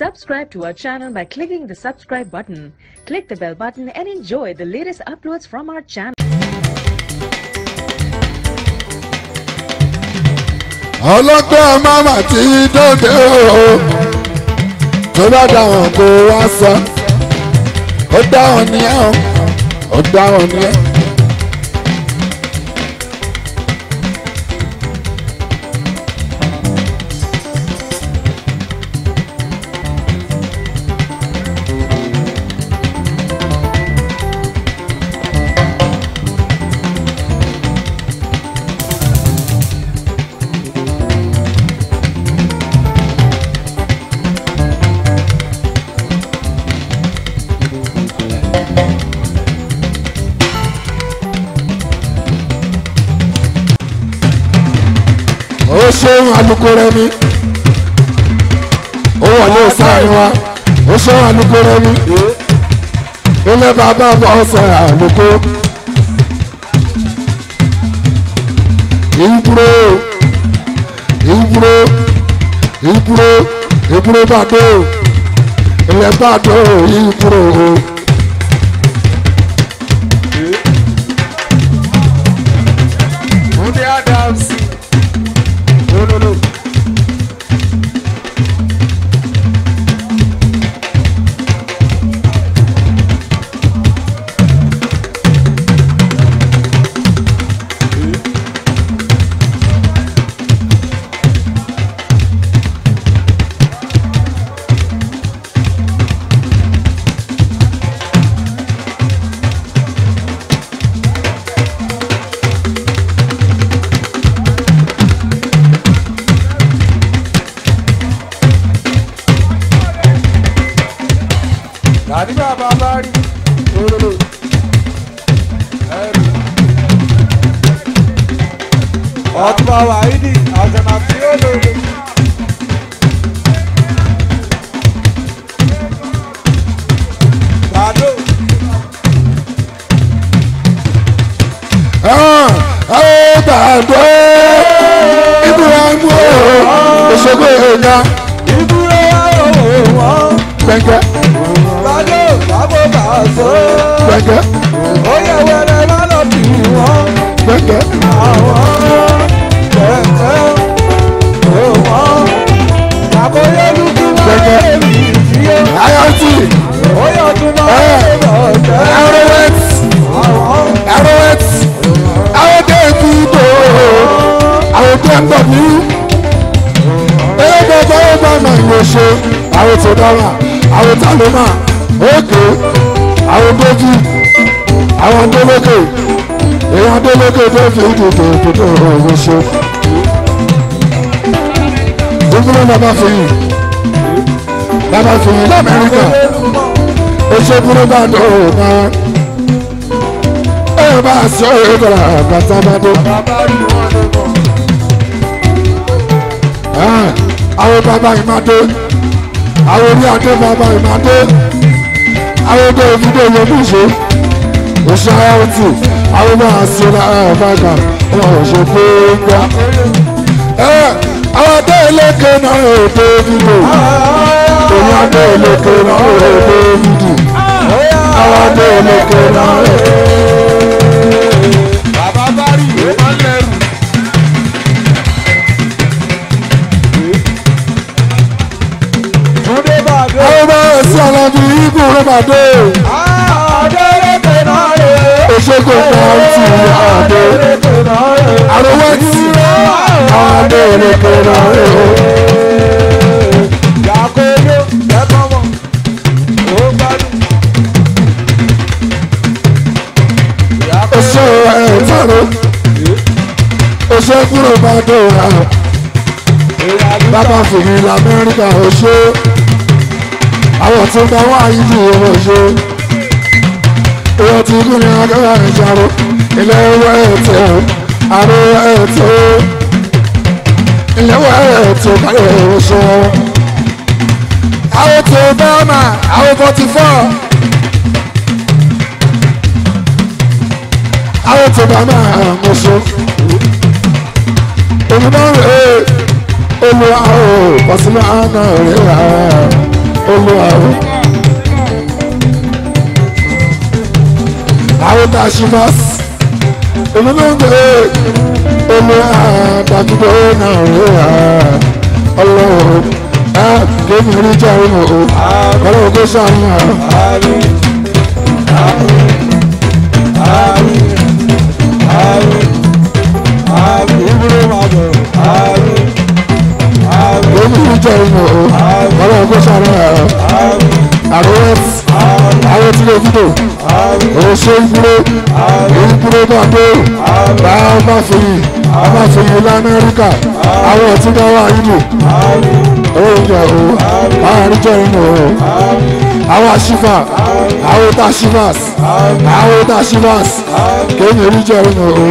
Subscribe to our channel by clicking the subscribe button. Click the bell button and enjoy the latest uploads from our channel. mama ti dòde o tó ó ó o ṣeun àlùkò rẹ ni ó wọlé sáàrin wa ó ṣeun àlùkò rẹ ni ilé bàbá ọsẹ àlùkò ìbúrò ìbúrò ìbúrò ìbúrò bàdó ilé bàdó ìbúrò o. bàbá Fúyì bàbá Fúyì l'Amẹ́ríkà oṣù burúkú àdó ọba ẹ bá sọ èrè dọ̀là bàtà bàdó. àwọn bàbá yìí máa dé àwọn orí adé bàbá yìí máa dé àwọn ọdẹ ìdílé yẹn bí ṣe oṣù àwọn tù àwọn bá sọ èrè dọ̀là bàtà ọmọ òṣèlú gbà adeleke náà na dìbò òyìn adeleke náà èdè dìbò àwọn adeleke náà èdè. bàbá bá rí ìwé máa ń lẹ́rù. túndé bàdé. àwọn bá ẹ sí alájú igun rẹ bàdé. adeleke náà èdè. òṣèkò náà ti àdé. àròwé ti rẹ̀ adélèkèrè rẹ̀. Yàkóyó ẹ̀kọ́ mọ̀, ó gbádùn. Oṣù ẹ̀fọ́rọ̀, oṣù kúrò bá dòwà. Bàbá fèmí l'Amẹ́ríkà oṣù. Àwọn tó bá wà yìí ju owó oṣù. Ìyọ̀tí kúrin agbára ìjàrò, ilé ẹ̀wọ̀ ẹ̀tẹ̀, àrò ẹ̀tẹ̀ ìlẹ́wọ̀ ẹ̀ tó bá yẹ oṣù. àwọn tó bá mà àwọn forty four. àwọn tó bá mà oṣù. olùdó rẹ̀ olùwà o pàṣípà àná rẹ̀ olùwà o. àwọn tá a ṣe máa èmi ló ń gbé omi àdàgbò náà rè á ọlọ́run á kémi rí járe mọ́ o ọlọ́run kó sàmì á. àmín àmín àmín àmín àmín ìbúrò máa bọ̀ àmín àmín. kémi rí járe mọ́ o ọlọ́run kó sàmì á. àrùn àrùn tí lè dúró òṣè ìdúró ìdúró náà dé bá a má fòye a má fòye lamẹ́ríkà àwọn ọ̀tí náà wà nínú oúnjẹ o àáríjọ inú o àwọn àṣìfà àwọn òtá ṣìfàs àwọn òtá ṣìfàs kéèyàn oríjọ inú o.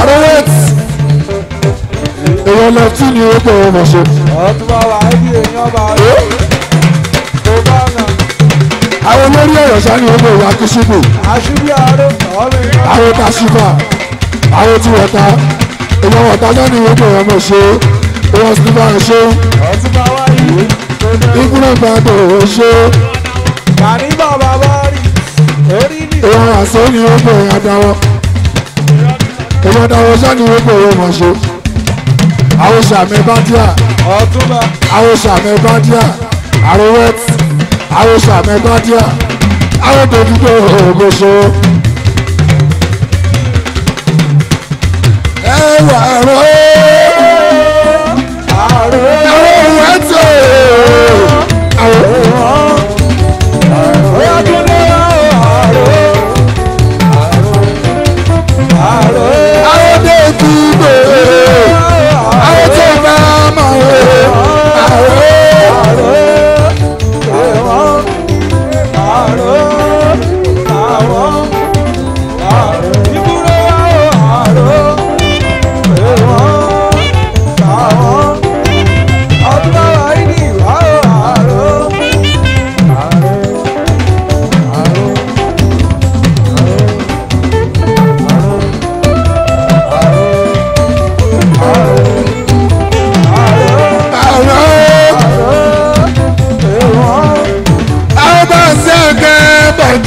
Arrête èèyàn lẹ́fítì ni ó pọ̀ ọmọ ṣe. ọtún bá wà ibi èèyàn bá rẹ tó bá nà. àwọn olórí ọ̀yọ́ sani ó pọ̀ wá kíṣíbù. àṣírí àárọ̀ ọ̀rẹ́ yẹn. àwọn kàṣífà àwọn tí wọ̀ta èèyàn ni lẹ́nu ó pọ̀ ọmọ ṣe wọ́n ti bá ń ṣe. ọtún bá wà yìí. ìkúrẹ́ ìbàdàn ò ṣe. kàní bàbá bá rí orí ni. èèyàn àṣẹ ni ó pọ̀ ẹ̀yà dáwọ́. èèyàn dáwọ́ sani ó pọ̀ ọmọ ṣe àwòṣà mi bàdíà ọ̀túnba àwòṣà mi bàdíà àròwẹ́t àwòṣà mi bàdíà àwòdòdúdò ògòṣò. ẹ wà rọ àròwẹ́t àròwẹ́t. Ayo de tudo.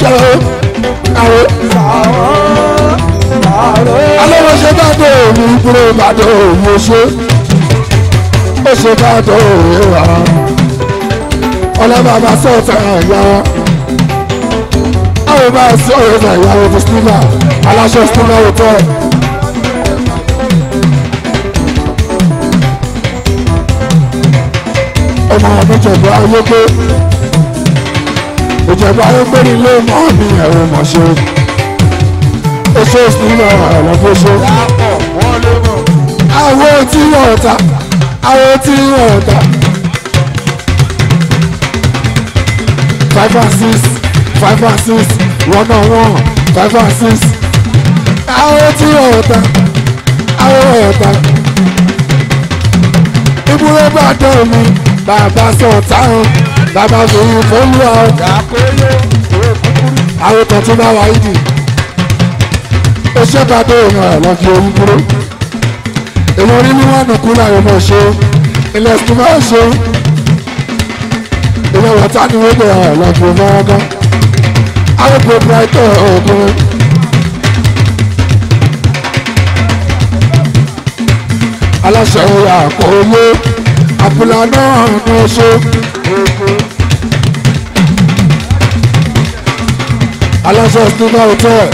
jọ àwọ. alọ́wọ́ ṣe bá tó omi dúró bá tó omi ṣe ó ṣe bá tó omi wà ọlọ́ba bá sọ̀tà ẹ̀yà wa àwọn bá sọ̀tà ẹ̀yà wa ti stima aláṣọ stima hotel. ọmọ àbújọ̀dọ̀ ayé pé ìjọba ló gbé ní ló mọ́ mi ẹ̀rọ mọ̀ ṣe oṣù oṣù náà ọ̀nà tó àwọn tí wọ́n ta àwọn tí wọ́n ta five and six five and six one on one five and six àwọn tí wọ́n ta àwọn wọ́n ta ibùdó bá dán mi bàbá sọ̀tàn bàbá sòwò fọlùwà ọjà péye àwọn kan tún bá wà yìí ó ṣe bá tó èèyàn ẹ̀ lọ́ọ́ fi orí kúrò èèyàn orí ní wọn nùkú láyé mọ̀ ṣe ilẹ̀ tó máa ṣe èèyàn wọ̀tá ni wọ́n gbé ẹ̀ lọ́ọ́ fi orí wọn gan àwọn pòpòráìtọ̀ ọ̀gbìn. aláṣẹ òyà kò yé àpòlá náà ní oṣù. aláṣọ snooker hotel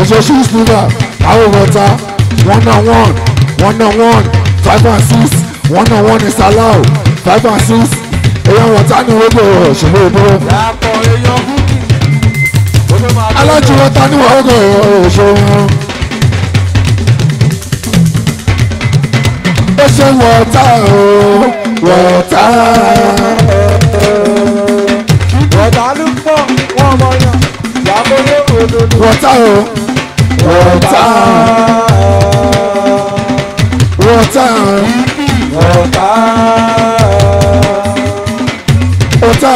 òṣèṣù snooker àwòrọ̀ta one on one one on one five and six one on one is allowed five and six èèyàn wọ̀ta ní ogbò ṣùgbọ́n ogbò. alájú wọ́ta ní ogbò ṣùgbọ́n. ó water, wọ̀ta o Water, o wọ́tá wọ́tá wọ́tá wọ́tá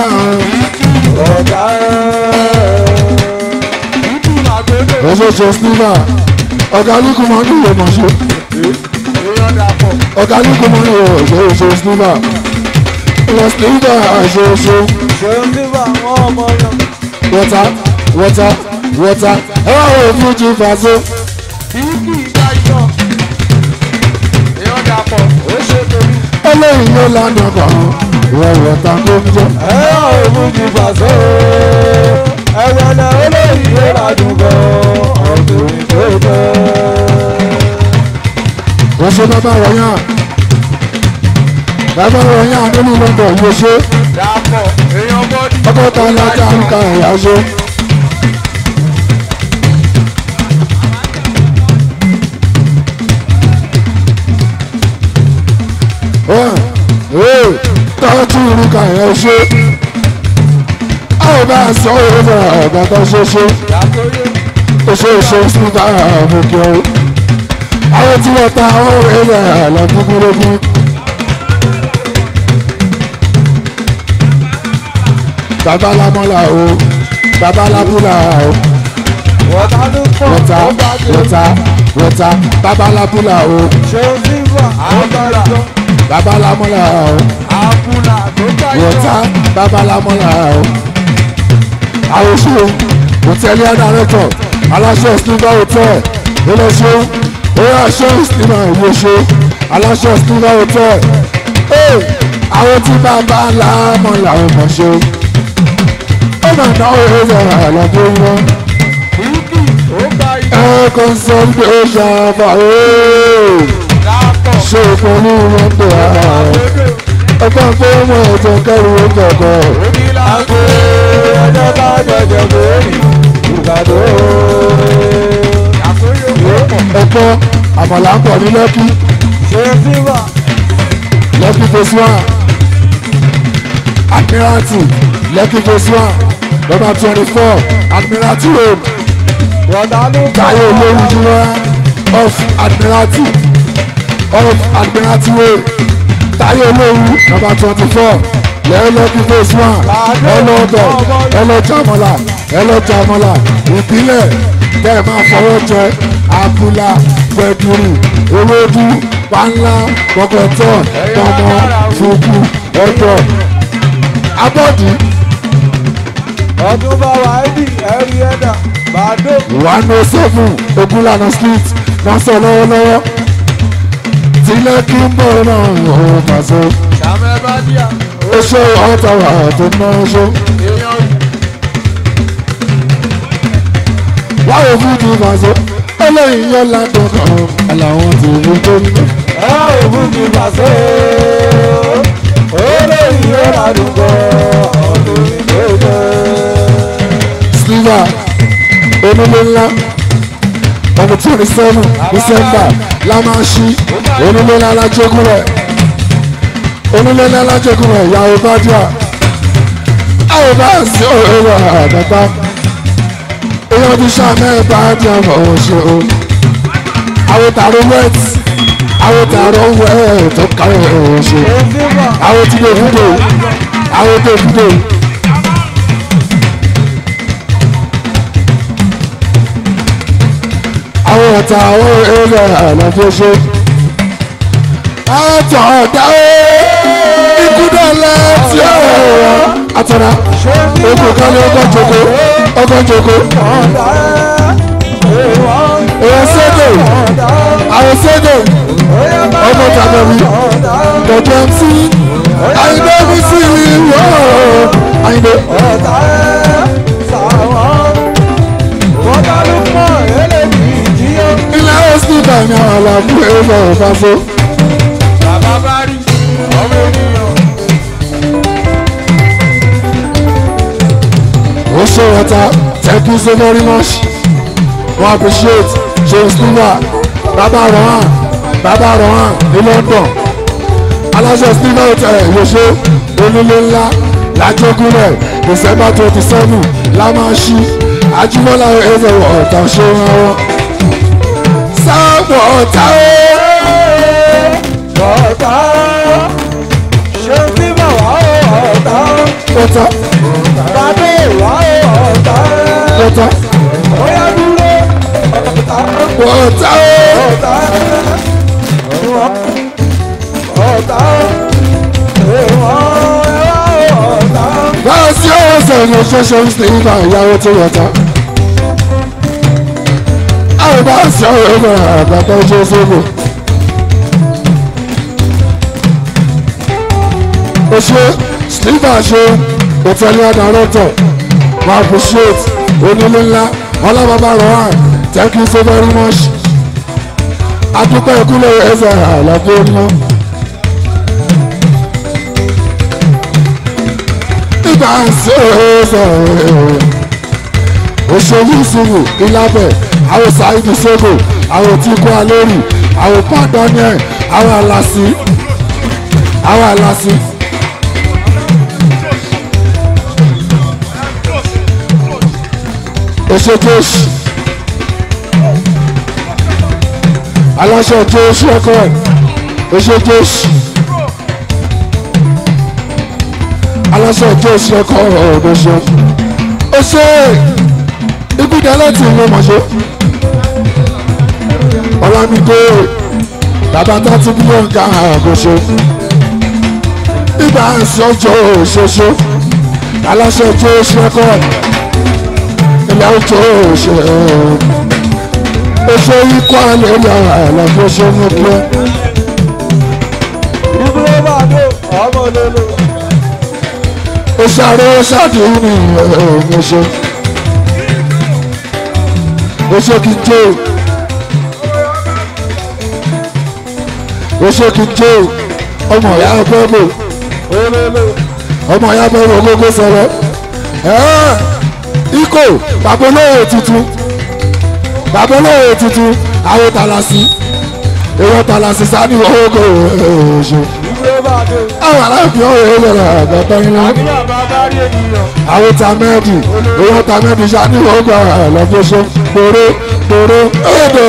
wọ́tá. ọ̀ṣọ̀ṣọ̀ sinimá ọ̀gá lukú máa ń dùn wọ́n mọ̀ṣọ́ ọ̀gá lukú máa ń dùn wọ́n mọ̀ṣọ́ ọ̀ṣọ̀ sinimá ọ̀ṣọ̀ sinimá ọ̀ṣọ̀ ọ̀ṣọ̀. wọ́tá wọ́tá water ẹ wá wo fújì fàṣọ. bíkì ìgbà yọ èèyàn dàpọ̀ ó ṣe torí. olóyìn ló lánàá kan wọ́n wọ̀ta tó ń jọ. ẹ wá wo fújì fàṣọ ẹ̀wọ̀n náà olóyìn ló ládùn gan ọ̀tún tó tán. ó ṣe bàbá wọ̀ yàn bàbá wọ̀ yàn nínú lọ́dọ̀ yóò ṣe. dàpọ̀ èèyàn bọ́dí. ọkọ̀ tá a lọ ká ń ka ẹ̀yà ṣe. tọ́jú ìrìkà yẹn ṣe a ò bá sọ owó náà ọ̀gá tó ṣe ṣe oṣù oṣù síta àmúkẹ́ o àwọn tí wọ́n ta àwọn ọ̀rẹ́ náà lọ́dúnkúndógún. bàbá lámọ́lá o bàbá lábúlà o wọ́tá wọ́tá wọ́tá bàbá lábúlà o bàbá lámọ́lá o àbúlà tó báyọ̀. wọ́tá babalamọ́lá o àwòṣe hòtẹ́lì ọ̀dàrẹ́tọ̀ aláṣẹ ìsinmi hotel ẹlẹ́ṣẹ́ oyè àṣẹ ìsinmi àwòṣe aláṣẹ ìsinmi hotel ee àwọn tí babalamọ́lá o mọ̀ ṣe ó mà náwó ẹ̀rọ àlọ́dún wọn. Air consolidation for you. Ṣé o kò ní ìwọ̀n tó a? ọgbọ́n pé ọmọ ẹ̀jẹ̀ kẹrù ó jọ̀gọ̀. omi làgbo ọjọ́ bá jọjọ lórí ìgbàdo. ẹ̀kọ́ àmàlà ń pọ̀ ní lẹ́kí. ṣé fíwà. lẹ́kí phase one. admiralty lẹ́kí phase one number twenty four admiralty road. Táyé olórí jùlọ of admiralty of admiralty road táyé olówu nọ́mbà twenty four lẹ́ẹ̀lọ́dí phase one ẹlọ́dọ̀ ẹlọ́jàmọ́là ẹlọ́jàmọ́là ìpínlẹ̀ bẹ́ẹ̀ máa fọwọ́ jẹ abúlá gbẹdúrú olódú panla gbọgbẹtọ tọmọ fúnkú ọdọ abọ́dí. ọdún bá wà ẹ́bí ẹ̀rí ẹ̀dá bàdó. one oh seven ogunlana street náà sọ lọ́wọ́lọ́wọ́ tilẹ̀ kí n bọ̀ náà ò mà so. ó ṣe ọ̀tá wà tó ná ṣó. láwọn fújì mà so eléyìí yọ ládùn kan làwọn ti mú tó ń bọ̀. láwọn fújì mà so eléyìí yọ ládùn kan ọ̀dùn ìgbésẹ̀. sílíà onílé ńlá ọmọ tí ò ní la máa ṣí onílé lálájógún rẹ̀ onílé lálájógún rẹ̀ ìyàwó bá díà àwọn bá sí òwúrọ̀ àdàpá èèyàn ti sàmẹ́ bá díà fọwọ́ ṣe o àwọn tààrọ wet àwọn tààrọ wet tó kárí ọ̀hún ṣe àwọn tí lè fúdò àwọn tó fúdò. àwọn ọ̀tá àwọn èèyàn àlàfo ṣe àtọ̀dá ó ikúdà láti ọ̀rọ̀ àtọ̀dá egbò kan ní ọgọ́joko ọgọ́joko òyìnbó àwòsẹ́dẹ̀ ọmọ tàbẹ̀wì dọ̀dọ̀ ẹ̀mí àyìnbó mi sí ìwọ àyìnbó. ilé hospital ni àwọn àlàfo ẹ̀rọ ọ̀fà fún. Mr. Rata, thank you so very much. We appreciate James Nima, Baba Rohan, Baba Rohan ní London. Aláṣẹ Stephen Hotel Yoshe Onílé ńlá Lájọ́gúnlẹ̀ December twenty seven Lámáṣí Ajímọ́lá Ẹ̀zẹ̀ ọ̀tà ṣe wọn wọn. Sáàpù ọ̀tá ó. Ọ̀tá ṣé tí bàbá ọ̀tá. Ọ̀tá. Bàbá ìwà ó ọ̀tá ọ̀tá ọ̀yá dúró ọ̀tá ọ̀tá ọ̀tá ọ̀tá ọ̀tá. Láàsì ọ̀sẹ̀ ni ṣẹ̀ṣẹ̀ ń sin ìgbà ìyàwó tó yọta. Àìbá sí ọ̀rọ̀ ìgbà àgbàdo Jósèfù. Oṣù Slíbà ṣe òtẹ́lẹ̀ adarọ́tọ̀ we appreciate onílé ńlá ọlábàbà rohan thank you so very much adúpẹ́ ìkúlẹ̀ ẹ̀sẹ̀ àlàbò ńlá. ìgbà ń ṣe ẹ̀sẹ̀ òṣèlú ìṣòwò ìlàbẹ̀ àwọn ṣáìdì ṣògo àwọn tí kò alórí àwọn pàdánù ẹ̀ àwọn àlàsì àwọn àlàsì. èso jésù aláṣẹ jésù ọkọ èso jésù aláṣẹ jésù ọkọ ọdọṣọ èso ìgbìdá láti ìlú mọṣọ ọlámídé bàbá tàbí mílíọ̀nù ká àgọ́ṣọ ìgbà àṣọjọ ṣoṣo aláṣẹ jésù ọkọ na uchoshe Ese ikwane ya na bosho mukwe Ibro bado amalolo Osare saduni osho Osho kinjo Osho kinjo ọmọ ya bebo ọmọ ya bebo gogo sọ̀rọ̀ eh kò bàbá olóyè tuntun bàbá olóyè tuntun àwọn tàlàsì èèyàn tàlàsì sani owó eh, kò ṣe. àwọn aláìpẹ́ ọ̀rọ̀ yẹn eh, lọ́la bàbá iná àwọn tamẹ́ẹ̀dì èèyàn tamẹ́ẹ̀dì sani owó kò lọ́gbọ́n ṣe kóró kóró èdè.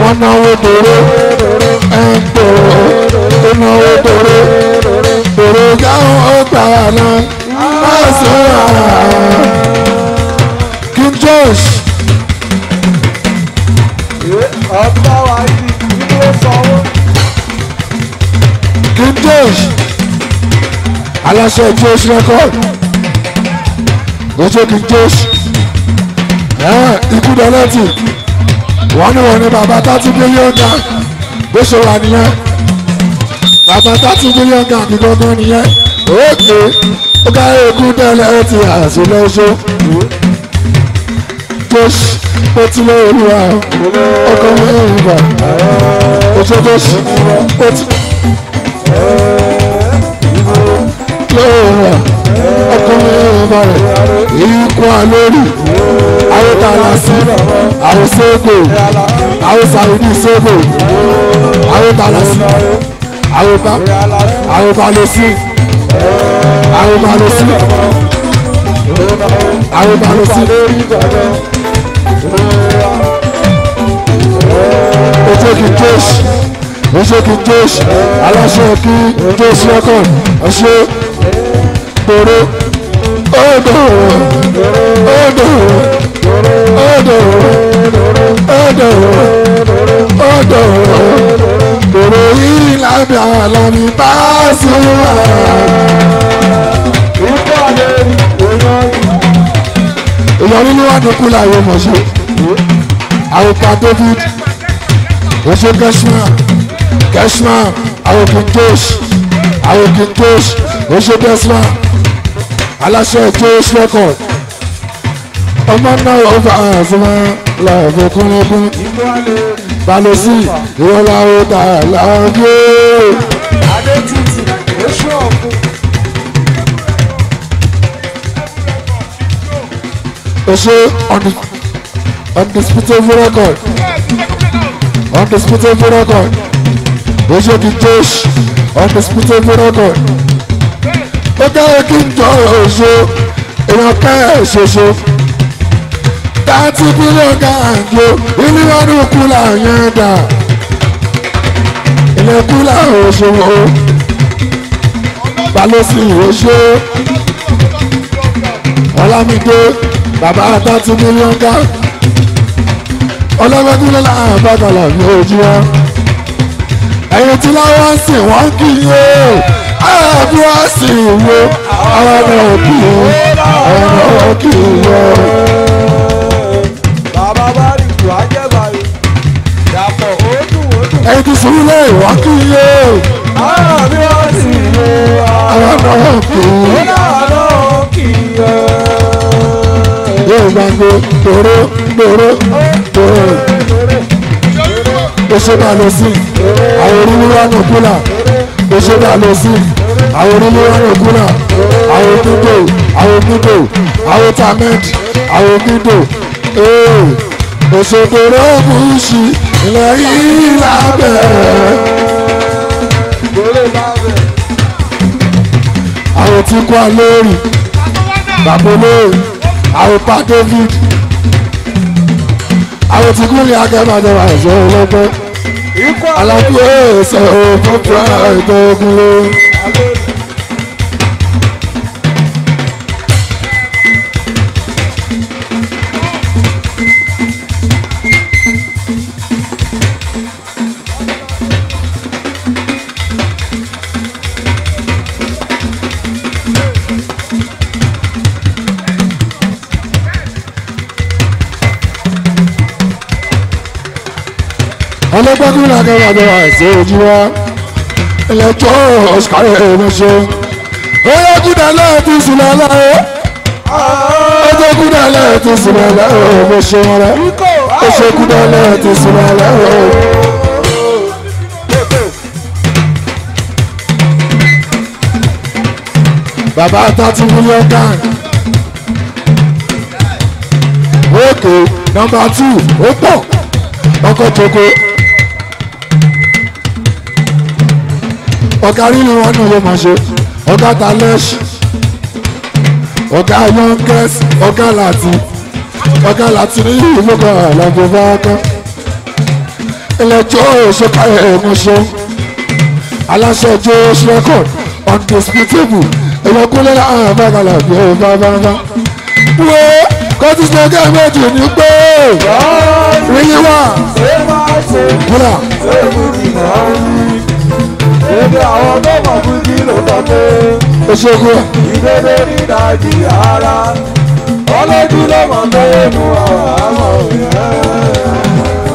wọ́n náwó dòró ọ̀nà òdòrò òdòrò gáwọn ó gbà àná King George. ọ̀pá wa yìí ilé sanwó. King George aláṣẹ ìjọ oṣù rẹkọọdù lọ́jọ́ King George ikú dọ́lẹ́tì wọ́n ní wọ́n ní bàbá tá ti gbé yóò dá bó ṣe wà nìyẹn bàbá thirty million gan ni gangan nìyẹn òkè ó kárí ogún tẹ́lẹ̀ ó ti àṣẹ lọ́sọ. josh ó ti lọ olúwa ọkọ mẹ́rin gbà oṣù josh ó ti lọ olúwa ọkọ mẹ́rin gbà rẹ̀ èyí kún àlórí ayétalasi àwòsógbò àwòsàwìdì sógbò ayétalasi àròkà àròkà lè sí àròkà lè sí àròkà lè sí. Ojoki Josh Ojoki Josh aláṣẹ kí Josh lọ́kàn ọ̀ṣẹ́ tòró odò odò odò odò odò padà lọ́ni bá súnmọ́. ìpàdé ìyọrí. ìyọrí ló wà dúkú láàyè mọ̀ṣẹ́. àwòká David oṣù kẹsùmá kẹsùmá àwòkín josh àwòkín josh oṣù kẹsùmá aláṣẹ josh record ọmọ náà ọba àzọmọ làwọn kúnlẹkùn. ìpàdé balẹ̀sí ìrọ̀lá ọ̀tà làǹgó. adétutù oṣù ọ̀gbìn. oṣù undisputable record undisputable record oṣù kìí jọ́ọ̀ṣì undisputable record ó dára kí n jọ oṣù èèyàn ká ẹ̀ ṣoṣo thirty billion gàǹgò ìlúwọ́nù kúlà yẹn dà ilé kúlà òṣòwò balósì òṣò ọlámídé bàbá thirty billion gàǹgò ọlọ́gbẹ́dúró làwọn àbádọ́là ní ojú wọn ẹ̀yin tí láwọn sì wọ́n kì í yé àbí wọ́n sì wo àwọn ọmọ òkì àwọn ọmọ òkì yẹn bàbá rìkù ajẹ́bà rẹ̀ dàpọ̀ ó dùn ó dùn. ẹ ti sùn ilé ìwà kí iye. ara mi wá sí iye. ara náà kì í. ara náà kì í yẹ. yóò gbàgbé gbòòrò gbòòrò gbòòrò. Oṣù náà lọ sí àwọn onímọ̀ náà kúlà. Oṣù náà lọ sí àwọn onímọ̀ náà kúlà. Àwọn onídò àwọn onídò àwọn tamẹ́ẹ̀dì àwọn onídò òṣòdòrò gúúsù ilẹ̀ yìí lábẹ́. àwọn tí kò alóòrì bàbá olóòrì àwọn pa David àwọn tí kò ní agẹ́bàjẹ́ wà ẹ̀ṣọ́ ọlọ́gbọ́n alábíyèsè òfófó àìtó ogun lórí. gbẹ́kúnlá kẹ́kọ̀ọ́ àìsè ojú wa ẹlẹ́jọ́ ọ̀ṣkárẹ̀ ẹ̀mọ́ṣẹ́ oyè kúndà lẹ́ẹ̀tún sílẹ̀ láàyè ọjọ́ kúndà lẹ́ẹ̀tún sílẹ̀ láàyè ọmọṣẹ́ wọn rẹ̀ ọṣẹ́ kúndà lẹ́ẹ̀tún sílẹ̀ láàyè. bàbá thirty million gang okay number two ó pọ̀ ọkọ̀ tókò. ọ̀gá rírun wọn náà ló máa ṣe ọ̀gá talesh ọ̀gá yonkes ọ̀gá láti ọ̀gá láti ní ìlúgbà àlàbò bá kán ẹlẹ́jọ́ òṣèkà ẹ̀mọ́ṣọ́ aláṣẹ josh record undisputable ẹ̀yọkúnlẹ́lá àbágalà bí ẹ̀ bá bá bá wọ́n kọ́tù sọ́kẹ́ méjì ní pé ríyí wà kúrà. Èdè àwọn tó mọ̀ fún kí ló sọ pé. Oṣogbo. Ìdédé ní Nàìjíríà ara. ló mọ̀ pé mú àwọn àmọ̀ òyìnbó.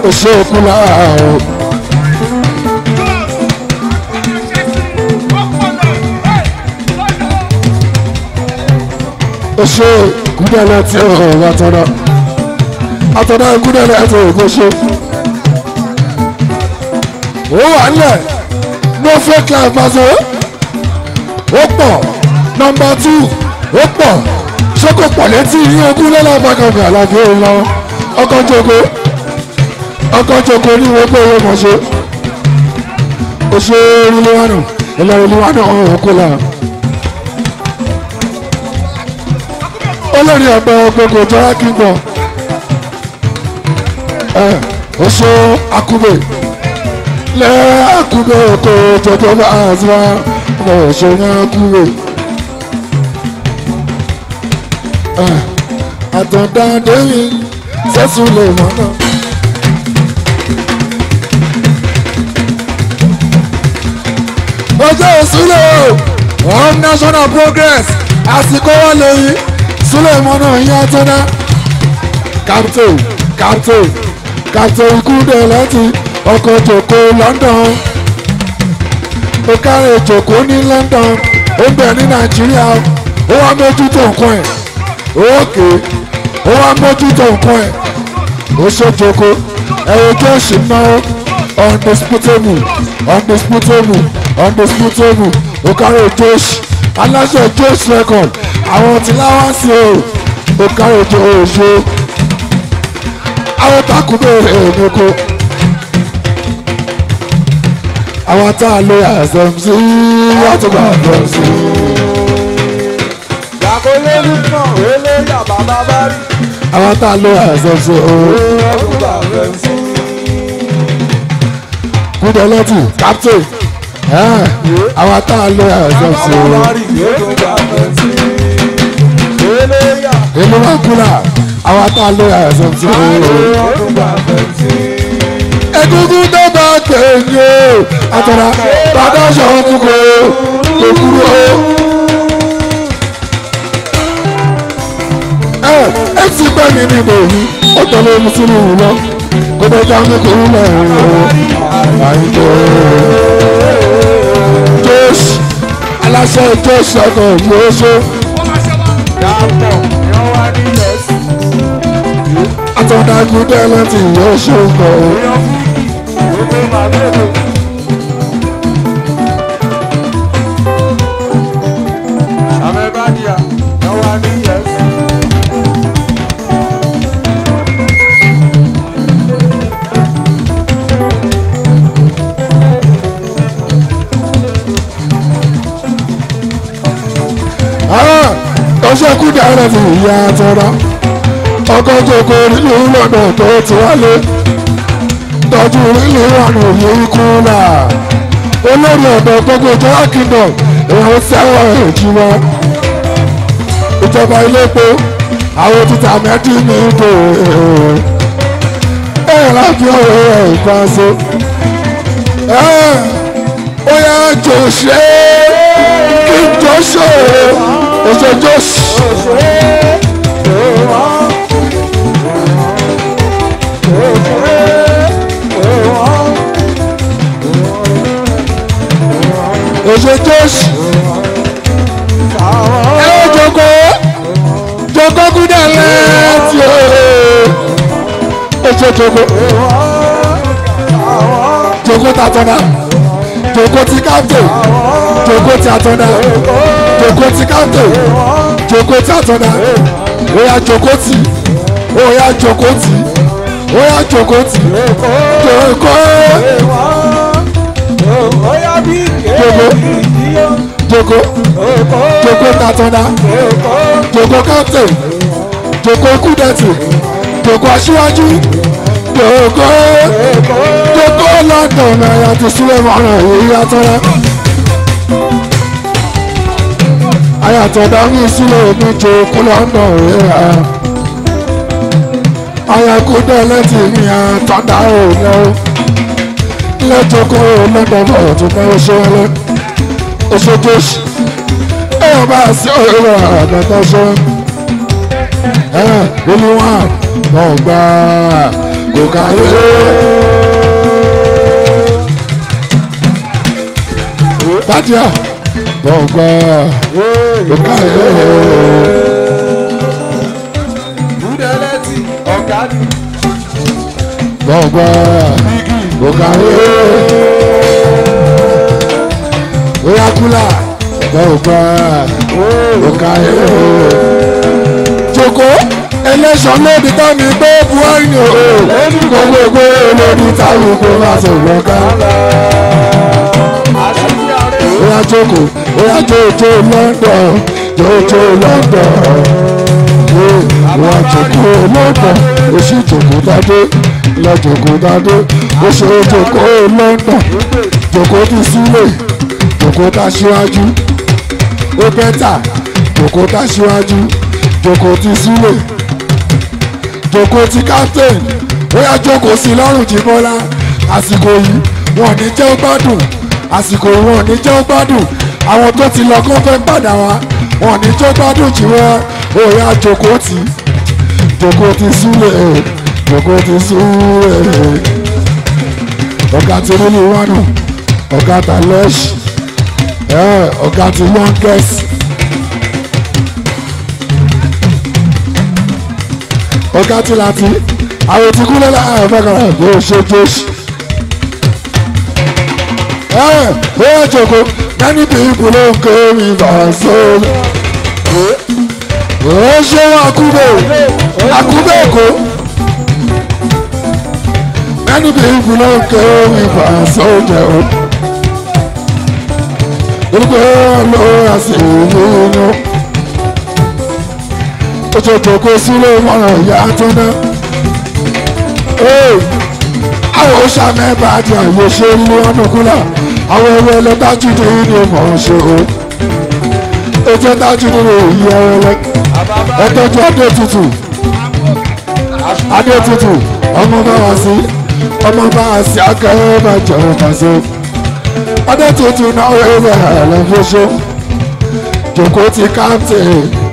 Oṣogbo lára o. Oṣo gúdẹ̀lẹ̀ tí ó hàn látọ̀dọ̀. Àtọ̀dọ̀ gúdẹ̀lẹ̀ tó ògbóṣe. Ó wà nílẹ̀ no fake life mazo ó pọ̀ nọmba tú ó pọ̀ ṣé kò pọ̀ létí ní ogún lọ́la àbákanfẹ́ àlàfo ìlọ ọkọ̀ jogo ọkọ̀ jogo ní wọ́n pé owó mọ̀ṣe oṣù olúwanù ìlọrinlúwanù ọ̀hún òkú la olórí ọgbẹ́ gbogbo jọra kí n gbọ́ oṣù akúbẹ̀ lẹ́kùnbẹ̀ kò tọ́jọ́ bá àzúrà Azwa. ṣe yẹn kúrò. Eh, àtọ̀dá déwì sẹ́sùn lè wọ́n náà. ọjọ́ ìsúlẹ̀ on national progress àsìkò wọn lẹ́yìn súlẹ̀ mọ́nà yín àtọ́dá. captain captain captain ikú dẹ̀ láti ọkọ̀ jòkó London ó kárẹ̀ jòkó ní London ó ń bẹ ní Nàìjíríà ó wá mójútó nǹkan ẹ̀ òkè ó wá mójútó nǹkan ẹ̀ ó ṣojoko ẹ̀rọ tó ṣì ná undisputable undisputable undisputable ó kárẹ̀ jòṣì aláṣẹ jòṣì record àwọn tí láwọn sí o ó kárẹ̀ jòṣì àwọn takùn bẹ̀rẹ̀ ẹ̀ ní oko àwọn tá a lè àṣẹm sí yàtọ̀ bá lọ sí. yàgò lórí náà wélé yàbá bá bá rí. àwọn tá a lè àṣẹm sí ooo. yàtọ̀ bá lọ sí. kúndé lọ́tù captain àwọn tá a lè àṣẹm sí ooo. yàtọ̀ bá lọ sí. wélé yà. èmi máa kúrà àwọn tá a lè àṣẹm sí ooo. yàtọ̀ bá lọ sí. egungun dé kéńjé àtàrà bàtà ṣàkókò òkúrò. ẹ ẹ ti pẹ́ mi níbo ó tẹ̀lé mùsùlùmí lọ kó bẹ́ẹ̀ já mi kò ń lọ àìjọ. jọ́sì aláṣẹ jọ́sì ọkọ̀ ìmọ̀ọ́sọ. àtọ̀dàgùdẹ́ láti ìyọ́ ṣe ń bọ̀ ọ́ ètò màmí ètò. Sàmẹ́ bá di à, ẹ wá ní yẹn. ọṣẹ kúdà rẹ fún ìyá àtọrọ ọkọ tó kọ nínú tó ti wálé ìtọ́jú ìrìnlẹ̀ ìrànà òye ikú là olórí ọ̀dọ́ gbogbo ìjọba kingdom ìrànwọ́ sẹ́wọ̀n ìjìmọ̀ ìjọba ilé epo àwọn títà mẹ́tì ní ìdò ẹ̀ láti ọ̀rọ̀ ẹ̀ ìpàṣẹ ó yá jòṣe kí jòṣe òṣè jòṣe. òye jésù ẹ ó jogo jogo kúndà láti ó ètò jogo jogo tatọ́nà jogo ti káńtò jogo ti atọ́nà jogo ti káńtò jogo ti atọ́nà ó yá jogo tì ó yá jogo tì ó jogo tì jogo. Ó yá jogo jogo jogo tatanda jogo captain jogo kudẹtu jogo aṣíwájú jogo jogo London náírà ti sílẹ̀ mọ́nà èyí atọ́lá ayatollah ní sílẹ̀ omi jogo London rẹ̀ ayakudẹ lẹ́tì ní àtọ́dá òun náà lẹ́jọ́ kó o lẹ́gbọ̀n bọ̀ ọ̀tún náà oṣù ọlẹ́ oṣù tó ṣe ẹ ò bá sí ọ̀rọ̀ àgbàtà ṣọ ẹ olú wa mọ̀ gbà kò kárí. Bájíà mọ̀ gbà kò kárí. Búdẹ́lẹ́tì ọ̀gá ni. Mọ̀ gbà kò kàwé bóyá kúlà kò gbà kò kàwé joko election ló di tán ní pé Buhari ni o kò gbogbo olórí táwọn kò máa sọ lọ́ka bóyá joko bóyá jòjò London jòjò London oya jòkó London oṣù jòkó dáadé lọ jòkó dádé ó ṣe é jòkó London jòkó ti sílẹ̀ jòkó tá síwájú ó bẹ́tà jòkó tá síwájú jòkó ti sílẹ̀ jòkó ti captain ó yá jòkó sí lọ́rùn Jíbọ́lá àsìkò yìí wọn ò ní jẹ́ ó gbádùn àsìkò yìí wọn ní jẹ́ ó gbádùn àwọn tó ti lọ kán fẹ́ padà wá wọn ní jẹ́ ó gbádùn jù wọn jòkó tì jòkó ti sílẹ̀ o ògo ti sú èrè ti rílì wánà ọ̀gá ta lọ́ọ̀ṣì ọ̀gá ti wọ́n kẹ́sì ti láti àwọn ti kúlẹ̀ láàrin ọ̀fẹ́kọ̀ọ́ ẹ̀gbọ́n ṣèjọ́sì ó jòkó many people ló ń kó mi bá sóòlù ó ṣe wọn àkúbẹ̀ àkúbẹ̀ èkó. Many people don't care if I'm a soldier. The girl knows I see you. Ó ṣe tó kó sílé mọ́nà ìyá tó ná. Àwọn oṣàmì ẹ̀bà àti àyè ṣe ń mú ọ̀nà kúlà. Àwọn ẹ̀rọ ẹlẹ́dájú tó yí ni mò ń ṣe o. Ètò ẹ̀dájú nínú èyí ẹ̀rọ ẹlẹ́. Ẹ̀tọ́jú adé tutù. Adé tutù. Ọmọ bá wá sí ọmọ bá a sì akẹ́wọ́ bá jẹun pàṣẹ. ọdẹ tuntun náà wẹ́wẹ́ àlọ́ fọ́ṣọ́ jòkó ti káńtì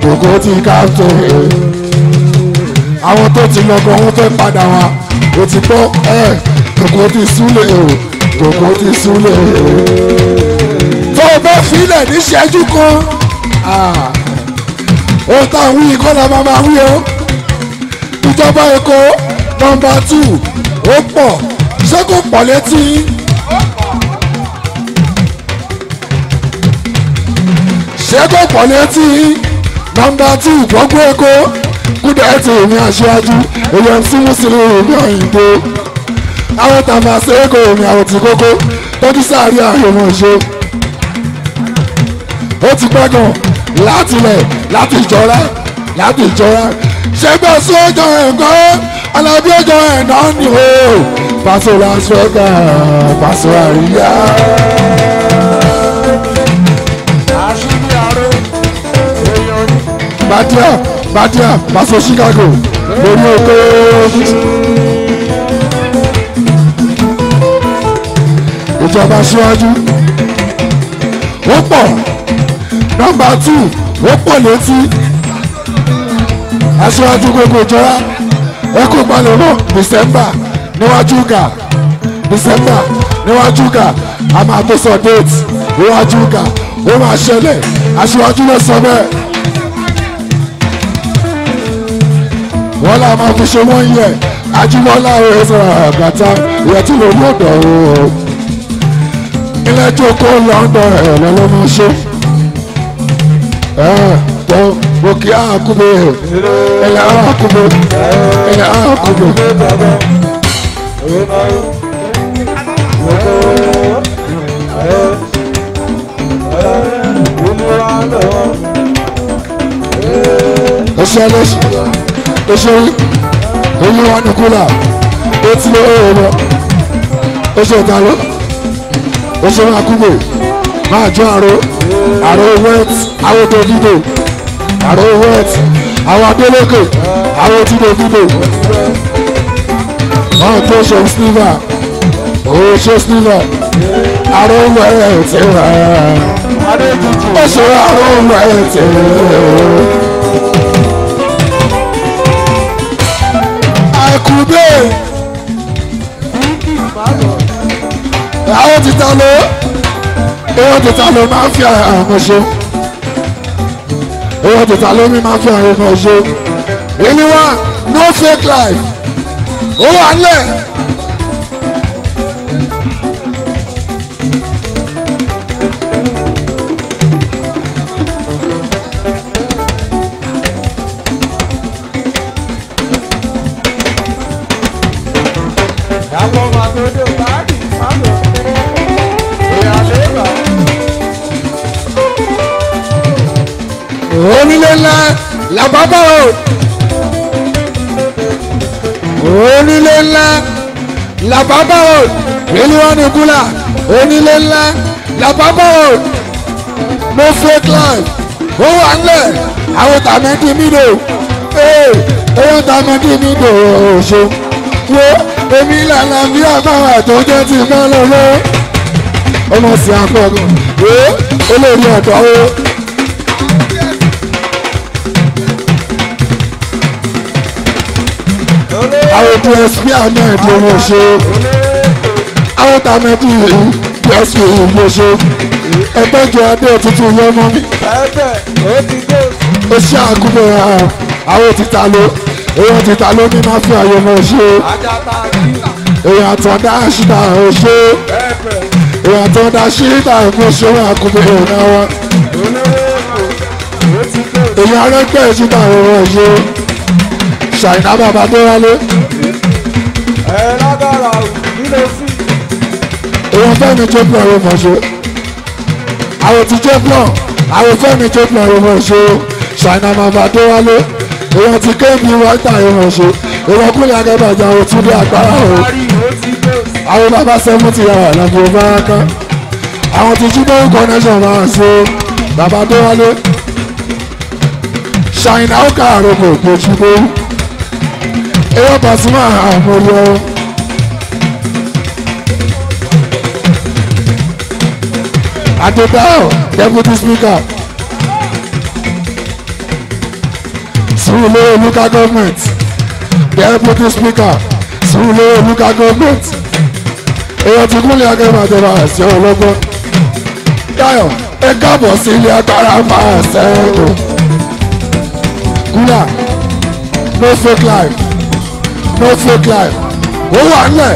jòkó ti káńtì. àwọn tó ti lọ gan wọn fẹ́ padà wá o ti gbọ́ ẹ jòkó ti súlẹ̀ o jòkó ti súlẹ̀ o. tó o bá filẹ̀ ní ṣẹ́jú kan ó tà wí kọ́lá máa máa wí o ìjọba èkó nọmba two ó pọ̀ ṣé kò pọ̀ létí. ṣé kò pọ̀ létí nọ́mbà tí ìgbọ́gbọ́ èkó kúdẹ̀ tí èmi aṣáájú èèyàn tí mo sì lè rìn ní òyìnbó àwọn tàbí àṣẹ́kọ̀ èmi àwọn ti kókó tọ́jú sáàrí àyẹ̀wò ìṣe ó ti pẹ́ gan látilẹ̀ láti ìjọra láti ìjọra ṣẹgbẹ́ sójà ẹ̀kọ́. Alábí ọjọ́ ẹ̀ náà ni o pàṣẹ làṣọgà pàṣẹ àríyá. àṣírí ààrẹ èèyàn ni. bàdíà bàdíà pàṣẹ Chicago lórí oko. ìjọba síwájú ó pọ̀ nọ́mbà tù ó pọ̀ létí aṣíwájú gbogbo ìjọba ẹ kò palẹ̀ mọ́ December níwájú ga December níwájú ga a máa tó sọ date níwájú ga ó máa ṣẹlẹ̀ aṣíwájú ló sọ bẹ́ẹ̀. wọ́n là máa fi ṣe wọ́n yẹ ajímọ́lá ẹ̀sán àgàtà ìyẹn tí ló gbọ́dọ̀ o. ilé jókòó London ẹ̀ lọ́lọ́mọṣẹ́ ẹ̀ tó. Bokia akube Ela akube Ela akube Oṣiṣẹ́ oṣiṣẹ́ olúwa ní kúlà ó ti lé ọ̀rọ̀ e lọ oṣù ọ̀tá lọ oṣù akúgbò Ma jaro. Aro àrò Aro àwòtò dídò àwọn wet àwọn adélókè àwọn dídòdídò wọn tó ṣe sliver ó ṣe sliver àwọn wet wà ó ṣe àwọn wet àkùdé àwọn ti ta lọ àwọn ti ta lọ máa ń fi àwọn ṣe owó tètè lómi máa fi àwọn ọmọ ṣe èmi no fake life ó wà ńlá làbábọ̀ onílé ńlá làbábọ̀ rilwani kula onílé ńlá làbábọ̀ no fake life ó wà ńlẹ̀ àwọn tàmí ti mí dò owó tàmí ti mí dò ṣo wo èmi lànà bí àbáwà tó jẹ́ ti mọ́ lọ́wọ́ ọmọ sí àpọ̀ ọ̀gàn wo olórí ọ̀dọ́ wo. àwọn DSP ahmed olóṣè àwọn tàmẹ́tì DSP olóṣè ẹgbẹ́jọ adé tuntun yọmọ mi ó ṣe àkúbẹ̀ àwọn òtítà ló èèyàn òtítà ló ní máa fi àyè mọ̀ ṣe èèyàn àtọ̀dá ṣìdá ò ṣe èèyàn àtọ̀dá ṣìdá ò ṣe wọn àkúbẹ̀ ọ̀nà wọn èèyàn arẹ́gbẹ́ ìṣìdá ò ṣe ṣàìná bàbá déwálé ẹ lágàrà nílé sí. èèyàn fẹ́mi jẹ́pọ̀ ẹ̀rọ mọ̀ ṣe àwọn ti jẹ́pọ̀ àwọn fẹ́mi jẹ́pọ̀ ẹ̀rọ mọ̀ ṣe ṣàìnà màmá tó wálé èèyàn ti kéèmí wáìtà ẹ̀rọ mọ̀ ṣe èèyàn kúlẹ̀ agẹ́bàjà òtún dé àgbára o àwọn bàbá sẹ́mú ti yàrá làbí ọba kan àwọn ti jí bẹ́ẹ̀ connection máa ń ṣe bàbá tó wálé ṣàìnà ó kà àròkò òpó ṣubú ẹ̀rọ Pasuma àmọ̀yọ. Adébáyọ̀ deputy speaker. Surulere local government deputy speaker. Surulere local government. Èèyàn ti kúnlẹ̀ akẹ́kọ̀ọ́ àtẹ̀wá ẹ̀sìn ọlọ́gbọ́n. Táyọ̀ ẹ káàbọ̀ sí ilé agbára máa ṣẹ́yìn. Kúlà no fake life no fake life ó wà nílẹ̀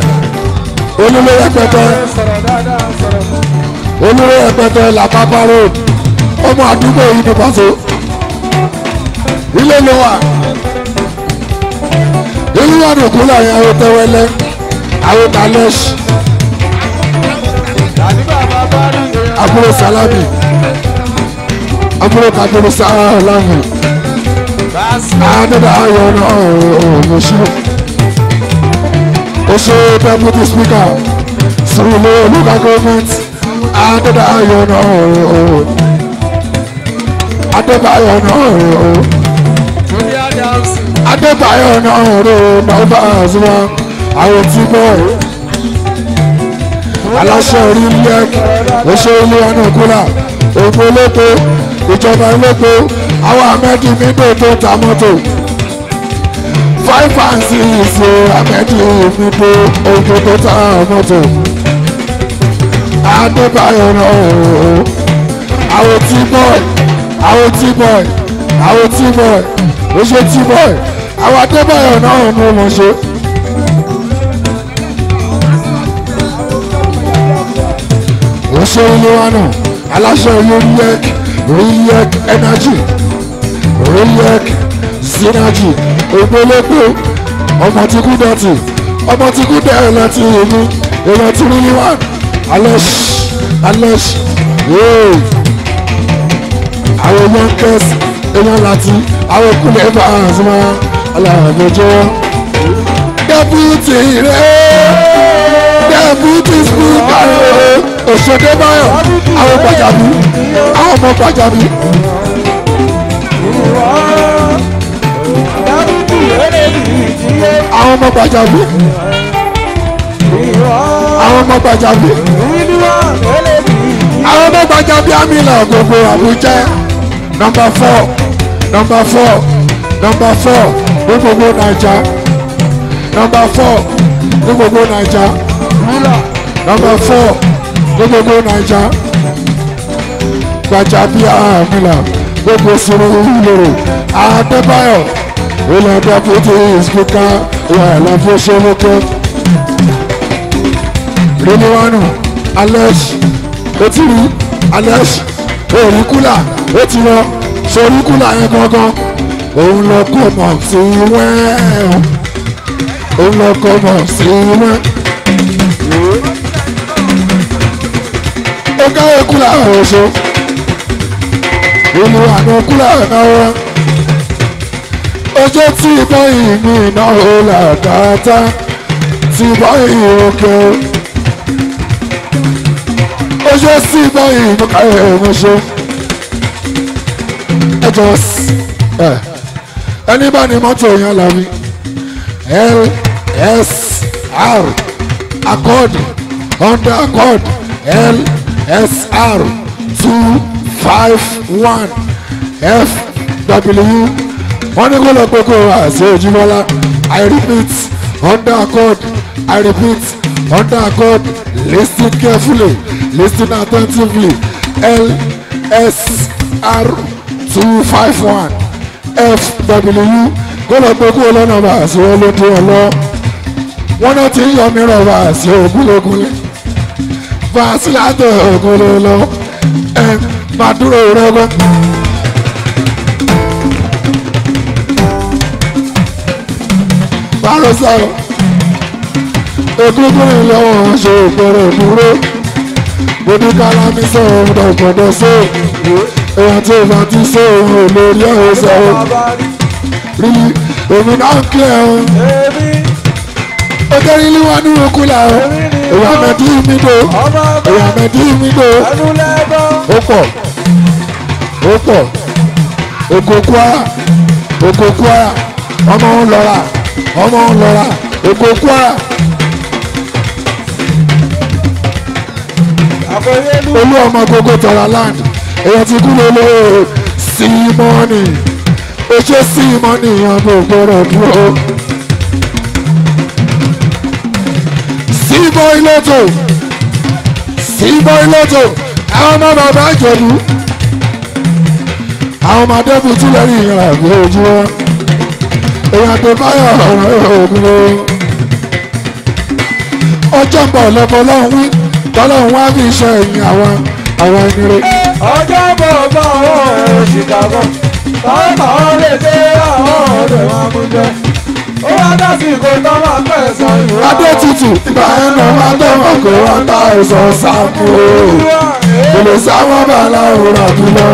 olúlé rẹpẹtẹ olúlé rẹpẹtẹ làpápá road ọmọ àdúgbò yìí ni pàṣẹ ilé ló wà ilé wà nìkú láyé àwọn tẹwẹlẹ àwọn balẹ̀ṣ àbúrò salami àbúrò kàdúró sáà láyé àádọ́dọ̀ ayọ̀ náà ò ò ò lóṣù also deputy speaker Surulere local government Adébáyọ̀ náà ooo Adébáyọ̀ náà ooo Adébáyọ̀ náà ooo bàbá àzúwà àwọn tí bọ̀ aláṣẹ orí lẹ́k oṣù olúwanú kúlà ògbólógbó ìjọba ológbó àwọn amẹ́dínmídò tó ta mọ́tò five and six o abẹ́jú mi dé ojú tó tán mọ́tò adébáyọ̀ náà o àwọn tí bọ́ọ̀ àwọn tí bọ́ọ̀ boy, tí bọ́ọ̀ ó ṣe tí bọ́ọ̀ àwọn adébáyọ̀ náà ni mo ṣe. ó ṣe ilé wa náà aláṣẹ olórí yẹk rí yẹk energy rí yẹk synergy ògbólógbò ọmọ tí kú dọ̀tí ọmọ tí kú dẹ̀rẹ̀ láti èmi èèyàn tí rí wá alẹ́ṣ alẹ́ṣ yóò àwọn èèyàn kẹ́sì èèyàn láti àwọn ìkúlẹ̀ ẹ̀fọ́ àrùnsímọ́ aláàbẹ̀jọ́ dẹ́bùtì rẹ̀ dẹ́bùtì spíkà rẹ̀ òṣèdébáyọ̀ àwọn pàjábí àwọn ọmọ pàjábí. àwọn ọmọ pàjáwìrì àwọn ọmọ pàjáwìrì àwọn ọmọ pàjáwìrì amílà gbogbo àbújá nọ́mbà four nọ́mbà four nọ́mbà four ní gbogbo naija nọ́mbà four ní gbogbo naija nọ́mbà four ní gbogbo naija gbajàbíà amílà gbogbo sùúrù lòrò àdébáyọ̀ olùdókòtò ìsìkíkà wàhálà fún sọ́mọ́kẹ́ rẹ́niwánu alex otiri alex orikula ó ti lọ sorikula yẹn gangan òun lọ kó mọ̀ sí wẹ́ẹ̀ òun lọ kó mọ̀ sí wẹ́ẹ̀. ó káwé kúlà ọ̀ṣọ́ ìlú àná kúlà ọ̀nà wọn ọjọ́ tí bọ́ ìní iná ọ̀la dáadáa tí bọ́ ìní òkè ọjọ́ tí bọ́ ìní káyọ̀ ẹ̀mọ́ṣẹ́ ẹjọ́ ẹni bá ní mọ́tò yẹn S R accord under accord L S R two five one F W wọ́n ní kó lọ pé kó wá sí Ojúmọ́lá i repeat under accord i repeat under accord listen carefully listen attentively L S R two five one fw kó lọ pé kó lọ́nà bá sí olódé ọlọ́ wọ́n náà ti ń yọ mìíràn bá sí ògúnlógúnlé bá sí látọ̀ ògúnlé lọ ẹ máa dúró rẹ́gbẹ́. parọ́ sọ̀rọ̀ egungun ilẹ̀ wọn ṣe òpèrè ìmúró bóbí kálámi sọ ọ̀dọ̀ ọ̀pọ̀dọ̀ sọ èèyàn tí èèyàn ti sọ ohun olórí ọ̀hún sọ rí èmi náà ń kí ẹ̀ ọ́n ó tẹ́rí líwá ní okú là ọ́ èèyàn mi dò èèyàn mẹ́tí mi dò ó pọ̀ ó pọ̀ Oko Kwara Oko Kwara ọmọ ń lọ́ra ọmọ ńlọra oko kwara. olú ọmọ gbogbo tọra land èèyàn ti kú lólo símọ́nì ó ṣe símọ́nì ọmọ ògbóró dúró. símọ́ ìlọ́tò símọ́ ìlọ́tò àwọn ọmọ bàbá ìjọ̀dú àwọn ọmọ adébùtú lẹ́yìn ìrìnàjò ojú wọn ìrìnàjò báyọ̀ ọ̀rọ̀ ògùn o. ọjọ́ ń bọ̀ lọ́bọ̀ lọ́hùn wí tọ́lọ́hùn wá fi iṣẹ́ ẹ̀yìn àwọn àwọn ẹni rẹ̀. ọjọ́ ń bọ̀ bọ̀ ọ̀rọ̀ òṣìkàbọ̀ tọ́lọ́ lè dé àwọn ọ̀rẹ́ wọn mú jẹ. ó wá dásìkò tó máa pẹ̀sán ìrora. adétutù ìgbà yẹn náà máa tẹ̀wọ̀n kó wá tá ẹ̀sán sáà kú o. kò lè sáwọn bàálà òun àbúrò.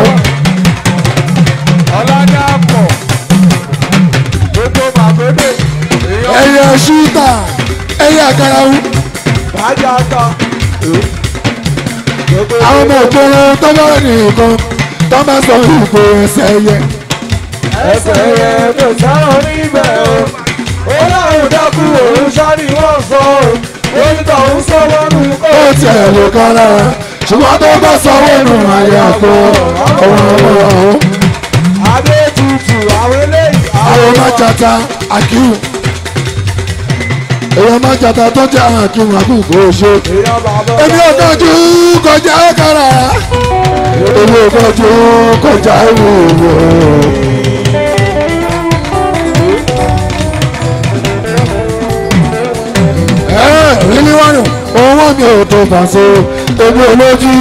àkàrà wù. bàjẹ́ ọkọ. àwọn ọmọ òkúrò tó bá rìn nìkan tó bá sọ ìgò ẹsẹ̀ yẹ. ẹsẹ̀ yẹ kò sáwọn níbẹ̀ o ó láwọn dákú òun sáré wọn sọ o onítọ̀ ń sọ wọn nù ó tiẹ̀ lè kọ́ ṣùgbọ́n tó bá sọ wọn ayé àpò ọmọ ọmọ ọ̀hún. abẹ́ tutù àwọn eléyìí. àwọn máa jata àkíyù èèyàn máa ń jata tó jẹ́ àwọn akíwọ̀n àbúkò èmi ò dájú kọjá kára èmi ò dájú kọjá ìwòwò. ẹ rí níwájú owó mi ò tó bá ṣe èmi ò lójú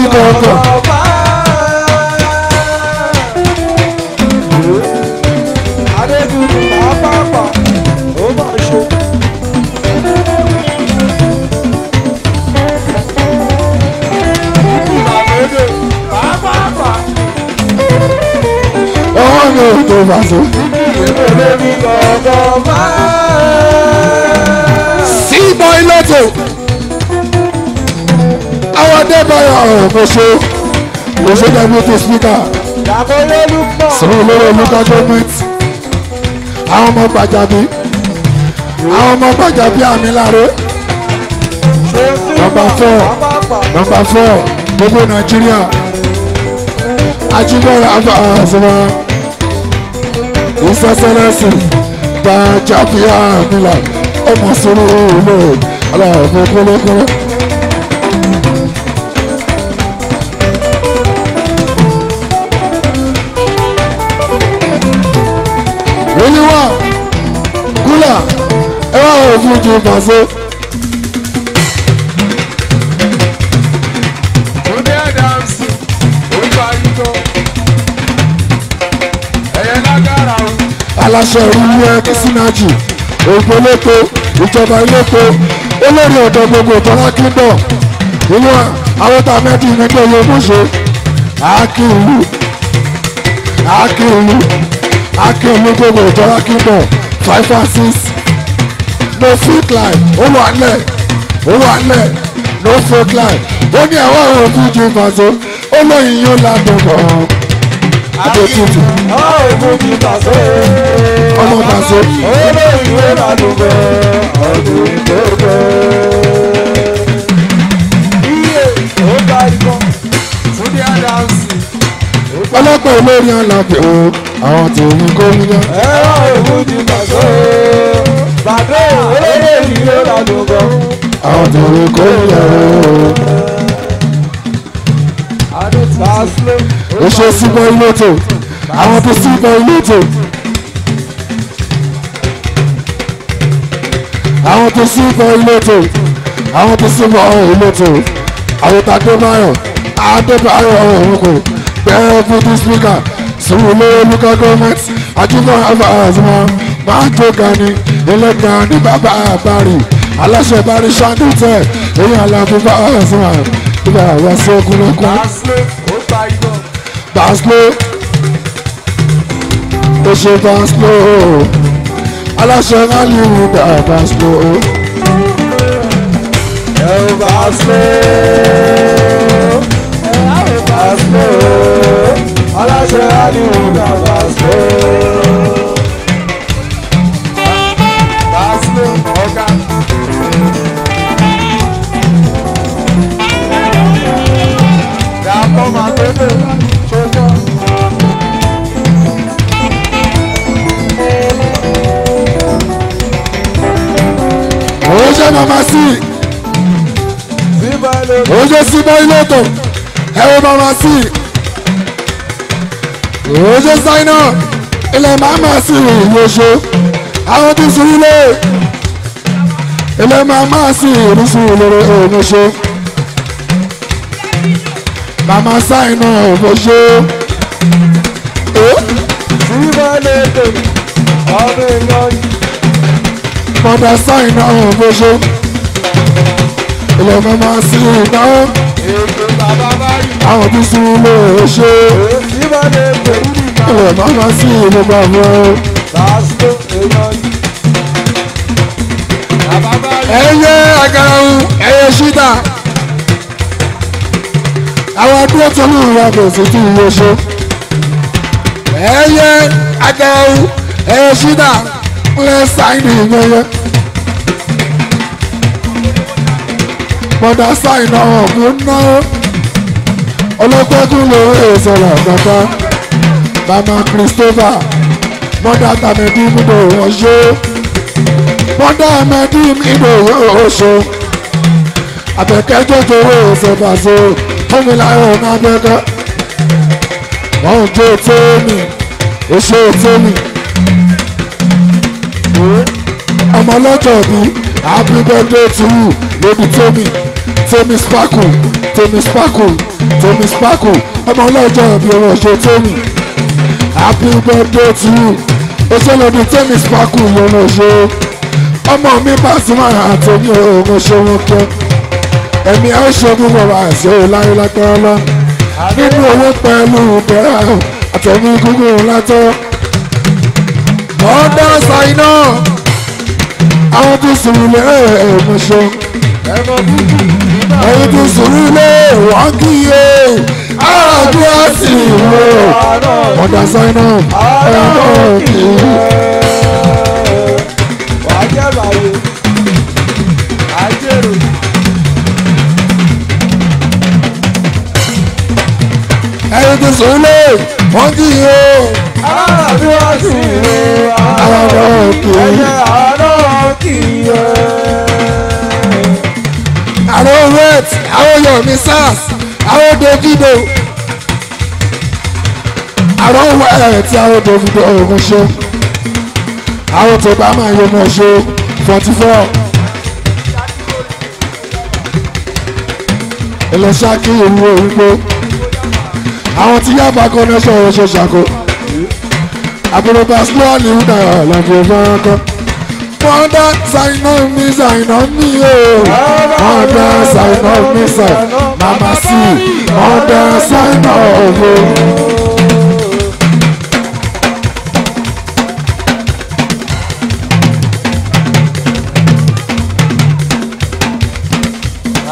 ní òun tó fà so. C-boy Lotto àwọn adébáyọ̀ ọ̀rọ̀ kò ṣe kò ṣe dàbí tó spíkà sọ̀rọ̀ lórí local government àwọn ọmọ gbàjàbí àwọn ọmọ gbàjàbí àmì láre nọmba four nọmba four gbogbo nàìjíríà ajínigbọ́ra àbá àṣọwọ́n ń fẹsẹ̀ lẹ́sìn gbàjà fìyà nílà ọmọ sọ̀rọ̀ olè aláàbò kọ́lọ́kọ́lọ́. oníwà kúlà ẹ wá òfin jù bàṣẹ. aláṣẹ ìrúlú ẹkí sínájì ògbólópo ìjọba ilépo olórí ọ̀dọ́ gbogbo ìtọ́lá kíndọ̀ ìlú awọ́ta mẹ́tì nígbà oyè mọ́ṣe akíìlú akíìlú akíìlú gbogbo ìtọ́lá kíndọ̀ five and six no fit line olùwàlẹ̀ olùwàlẹ̀ no fit line ó ní àwọn ọ̀rọ̀ fún jim faso ó lóyìn yóò ládùn gan àdótútù. ọ̀ọ́dún mi pàṣẹ. ọmọ pàṣẹ. olóyìnbó máa lò bẹ́ ọdún tó bẹ́. iye ó ga ikọ́ túndé adáhùnsì. ọlọ́pàá olórí alápẹ̀ o àwọn tèmi kò ní yá. ẹ̀rọ ìwúdí pàṣẹ. bàdó olóyìnbó máa lò bẹ́. àwọn tèmi kò ní yá o. ti bá a sílẹ̀ ó ṣe síbọ̀ ilé tó àwọn tó síbọ̀ ilé tó àwọn tó síbọ̀ ilé tó àwọn tó síbọ̀ ilé tó àwọn tàdé báyọ̀ àdébáyọ̀ ọ̀hún kò bẹ́ẹ̀ fún ti spíkà sùnwó lówó lókà gọ́ọ̀mẹ̀tì àjùmọ̀ àbáàzùmọ̀ máa ń tó gani ẹlẹ́gàn ní bàbá àbárì aláṣẹ bá rí ṣáńdù tẹ̀ èyí àlàfo bá àzùmọ̀ ìgbà àwọn sọ́kùnrin kan dance slow ó ṣe dance slow aláṣẹ Aliu dá dance slow. ẹ ò bá slow ẹ á ò bá slow aláṣẹ Aliu dá dance slow. jẹ́ màmá sí i oúnjẹ sí báyìlótò ẹ wo màmá sí i oúnjẹ sáínà ilẹ̀ màmá sí i ìyóṣó àwọn tí sùn ilé ilẹ̀ màmá sí i ìrísí ìlérè òyìnbó màmá sáínà òyìnbó sí báyìlótò ọmọ ìlọrin mọ̀dá sáì náà hàn fojú ìlọ́mọ máa sí iná àwọn tó sún ló ṣe ìlọ́mọ máa sí ìlú bàbá ẹyẹ agarahu ẹyẹ ṣídà àwọn adúlọ́ tó ní ìwà bẹ̀rẹ̀ sí ti ìyẹn ṣe ẹyẹ agarahu ẹyẹ ṣídà left side yẹn yẹn mọ̀dá sáì náà wọ̀n kú náà ọlọ́gbẹ́kùn ló èsọ̀rọ̀ àgbàtà mama Christopher mọ̀dá tàmẹ́dì mídò ọ̀ṣọ́ mọ̀dá tàmẹ́dì mídò ọ̀ṣọ́ àbẹ̀kẹ́jọ́ tó wọ́ ìṣẹ̀bàṣọ́ fúnmiláyọ̀ ọ̀nà abẹ́kẹ́ wọ́n jó tó mi èso tó mi ọmọ ọlọ́jọ́ bí happy birthday to you lady Tomi Tomi sparkle Tomi sparkle Tomi sparkle ọmọ ọlọ́jọ́ bí ọmọ ọ̀ṣẹ́ Tomi happy birthday to you ọṣẹ́ lọ́dún Tomi sparkle lọ́nà ọ̀ṣẹ́ ọmọ mi Pasuma àtọ́ni ọ̀hún ọ̀ṣẹ́ wọn kẹ́ ẹ̀mí àìṣẹ́gun bọ̀rọ̀ àṣẹ ìlànà lágbára lọ nínú owó pẹ̀lú bẹ́ẹ̀ àtọ́ni gúngùn látọ́ ọ̀dà ṣáínà àwọn tó sùúrù lé ẹ̀ẹ́mọ̀ṣọ́ ẹ̀yin tó sùúrù lé wọ́n kí yé àádú àti ìwò ọ̀dà ṣáínà ẹ̀ẹ́mọ̀ kí yé. ẹ̀yin tó sùúrù lé wọ́n bí wọ́n sì rè àárọ̀ òkè ẹ̀yẹ àárọ̀ òkè yẹ. àwọn wet àwọn yomi sars àwọn davido àwọn wet àwọn davido ogun ṣe àwọn tó bá máa yọ ọmọ ṣe forty four. ẹlẹ́sàkí ìlú òyìnbó àwọn tí yàgbá connection ọ̀rọ̀ ṣe ṣàkó àbúrò pásítọ̀ ní ìwúdà lọ́jọ́ fọ́nkọ́. Mọ̀dá ṣàìnà mi ṣàìnà mi o. Mọ̀dá ṣàìnà mi ṣàìnà màmá sí. Mọ̀dá ṣàìnà mi.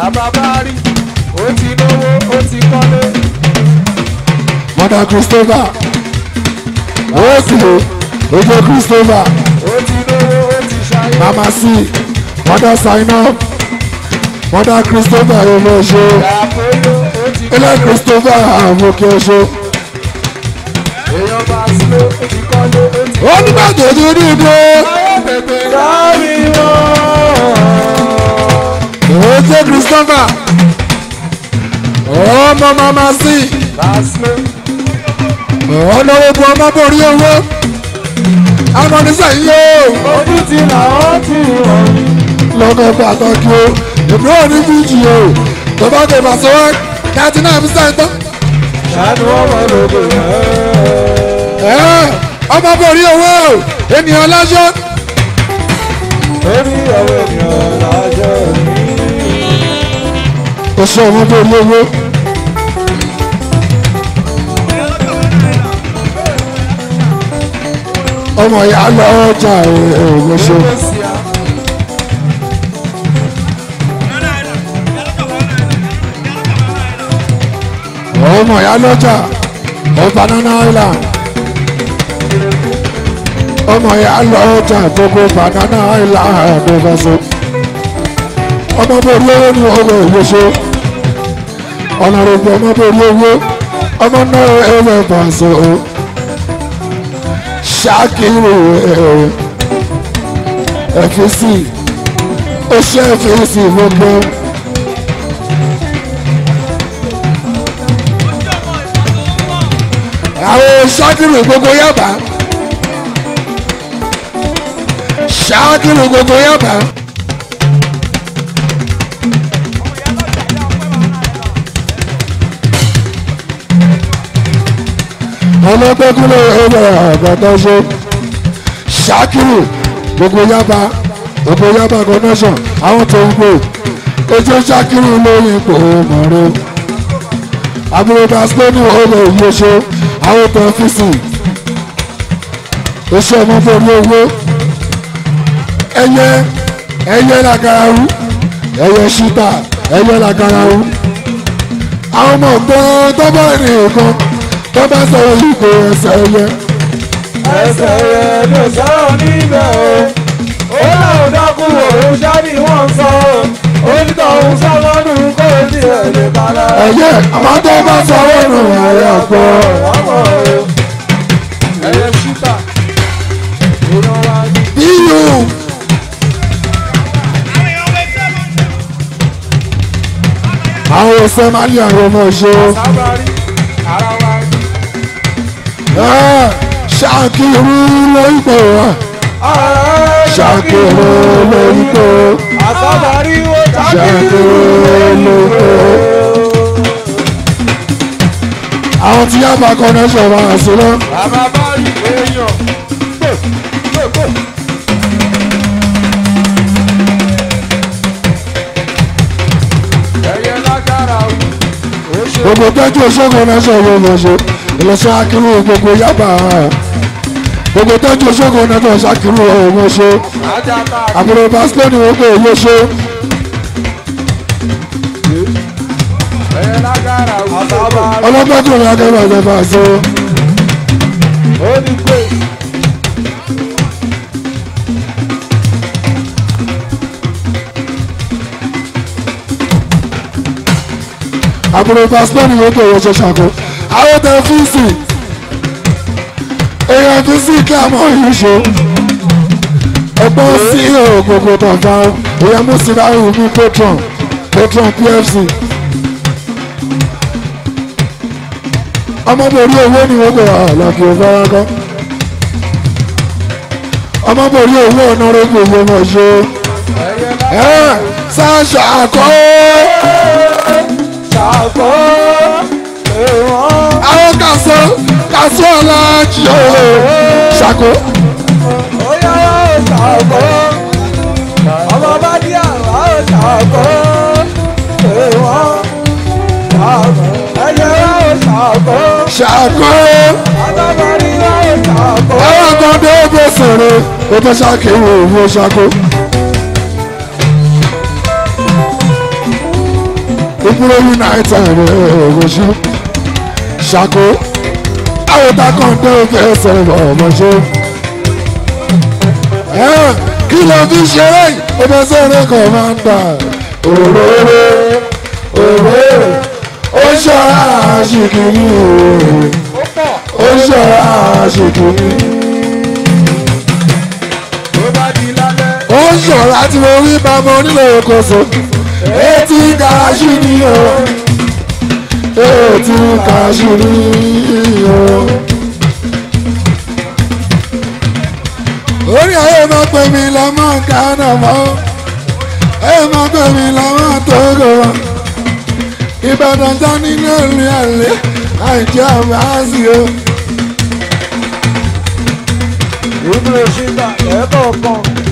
Àbábárí, ó ti lówó, ó ti kọ́lé. Mọ̀dá Christopher ó ti lò ojú Christopher mama c mother sign up mother Christopher ọmọ Ojo. ilé Christopher àmọkẹ ọṣọ. èèyàn máa sílé ó ti kọ́lé ó ti kọ́lé. Christopher ọmọ mama c ọlọ́wọ́ ọmọbórí owó amọ̀nísà yíyó. ojú ti là ó ti rọ̀ yìí. lọ́kọ̀ pàtàkì o ìbúrò ní fíjì o bàbá kò bá sọ wá ninety nine percent tán. ṣáàdùn ọmọ lòdò náà. ọmọbórí owó ènìyàn lájọ. orí ọwọ́ ènìyàn lájọ. o ṣe ọmọbórí owó. ọmọ ìyá lọ ọjà ògùn ṣe. ọmọ ìyá lọ́jà ọ banana island ọmọ ìyá lọ́jà gbogbo banana island ọ̀dọ́gbọ́sọ. ọmọ borí owó ni ọgbọ ìgbésọ ọ̀nà rògbò ọmọ borí owó ọmọ náà ẹ̀rọ ìbànṣẹ́ o ṣàkírù ẹ̀ ẹ̀fíìsì ó ṣe ẹ̀fíìsì gbogbo. àwọn ṣàkírù gbogbo Yaba ṣàkírù gbogbo Yaba. ọlọ́pẹ́kúnlẹ̀ ọ̀rẹ́ àgbàtàn ṣe ṣákìrì gbogbo yaba gbogbo yaba connection àwọn tó ń gbé ojú ṣákìrì lórí ipò mọ̀rẹ́ àbúrò baskoni ọ̀rẹ́ ìyóṣe àwọn tó ń fi sìn oṣù ọmọbìnrin owó ẹyẹ ẹyẹ làkàrà rú ẹyẹ ṣíta ẹyẹ làkàrà rú àwọn ọmọ ọgbọ́n tọ́bọ̀ ènìyàn kan tó bá sọ ìgò ẹsẹ̀ yẹ. ẹsẹ̀ yẹ ló sọ̀rọ̀ níbẹ̀ o ó láwọn dákú òun jáde wọ́n sọ onítọ̀ òun sọ lọ́dún kó o ti ẹ̀ lè balẹ̀. ẹ̀yẹ àwọn tó bá sọ ọ̀nà ẹ̀yẹ àpọ̀. ẹ̀yẹ ṣúta ìrora. iyùn. àwọn ọ̀sẹ̀ máa ń yàrá ọmọ ṣe ṣàkírù lóyìnbó ṣàkírù lóyìnbó ṣàkírù lóyìnbó. àwọn tí yàgbà connection wà á sílẹ̀. bàbá bá rí èèyàn. gbogbo tẹ́jú oṣù kan náà ṣe ọ̀rọ̀ ọ̀nà ṣe ìlọsí akínú gbogbo yaba gbogbo tẹ́jú sóko nínú ṣàkínú ọ̀hún ṣe àbúrò pásítọ̀ ni wọ́n pè é yóṣó. ọlọ́pàá tó ní akẹ́kọ̀ọ́ ọ̀sẹ̀ bá ṣe. àbúrò pásítọ̀ ni wọ́n pè é yóṣó ṣàkóso àwọn tẹ fíìsì èèyàn fíìsì kí a mọ ìṣó ẹgbọ́n sí ògògò tọ̀gá èèyàn mú síláàrù mú patron patron pfc ọmọdé orí owó ni wọ́n gbé àlàkì òfarakọ́ ọmọdé orí owó ọ̀nà rẹ̀ gbogbo ọmọ ṣe ẹ ṣáà ṣàkóó ṣàkóó àwọn kàṣọ kàṣọ aláàjì ọ̀rọ̀ ṣàkó. ọ̀yọ́ ṣàkó ọmọ bá dí àlá ṣàkó èèwọ̀ ṣàkó ẹ̀yẹ́ ṣàkó. ṣàkó. àtàbárí ṣàkó. ẹ̀rọ kan dé ogun sọ̀rọ̀ ó fẹ́ ṣàkíwò òun ṣàkó. Ukuru United Ogosu ṣàkó àwòtá kan tó fẹ́ sọ̀rọ̀ ọmọ ṣe. kí ló fi ṣeré ọmọ sọ̀rọ̀ kan máa ń gbà. òróró òróró ó ṣọ́ra àṣìkiri ó ṣọ́ra àṣìkiri. ó ṣọ́ra tí mo rí bá mo nílò kòsó etí gàásì ni o ó ti ń kàṣírí o. orí ayé máa pè mí lọ́mọ gánà mọ́ ayé máa pè mí lọ́mọ tógo mọ́ ìbàdàn tá nínú ìlú àlè àìjẹ́ àmásì o. ìbúlẹ̀ ṣì ń gbà ẹ̀ẹ́dọ̀ọ̀kan.